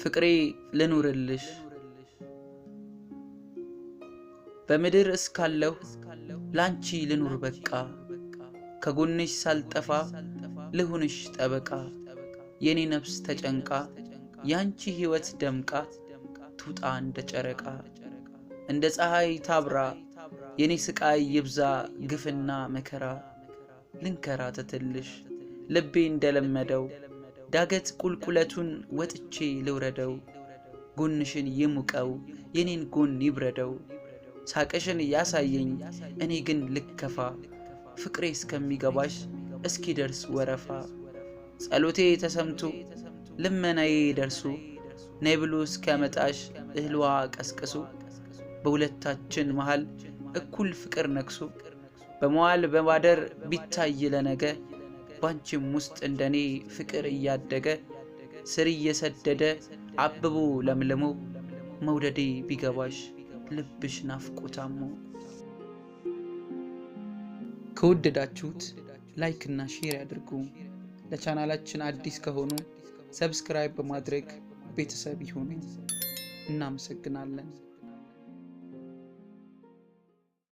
ፍቅሬ ልኑርልሽ በምድር እስካለሁ ላንቺ ልኑር በቃ ከጎንሽ ሳልጠፋ ልሁንሽ ጠበቃ የኔ ነፍስ ተጨንቃ ያንቺ ሕይወት ደምቃ ትውጣ እንደ ጨረቃ እንደ ፀሐይ ታብራ የኔ ስቃይ ይብዛ ግፍና መከራ ተትልሽ ልቤ እንደለመደው ዳገት ቁልቁለቱን ወጥቼ ልውረደው፣ ጎንሽን ይሙቀው የኔን ጎን ይብረደው፣ ሳቅሽን ያሳየኝ እኔ ግን ልከፋ፣ ፍቅሬ እስከሚገባሽ እስኪደርስ ወረፋ፣ ጸሎቴ ተሰምቶ ልመናዬ ደርሶ ነይ ብሎ እስኪያመጣሽ እህልዋ ቀስቅሶ በሁለታችን መሃል እኩል ፍቅር ነግሶ በመዋል በማደር ቢታይ ለነገ በልባችም ውስጥ እንደኔ ፍቅር እያደገ ስር እየሰደደ አብቦ ለምልሞ መውደዴ ቢገባሽ ልብሽ ናፍቆታሞ። ከወደዳችሁት ላይክ እና ሼር ያድርጉ። ለቻናላችን አዲስ ከሆኑ ሰብስክራይብ በማድረግ ቤተሰብ ይሁኑ። እናመሰግናለን።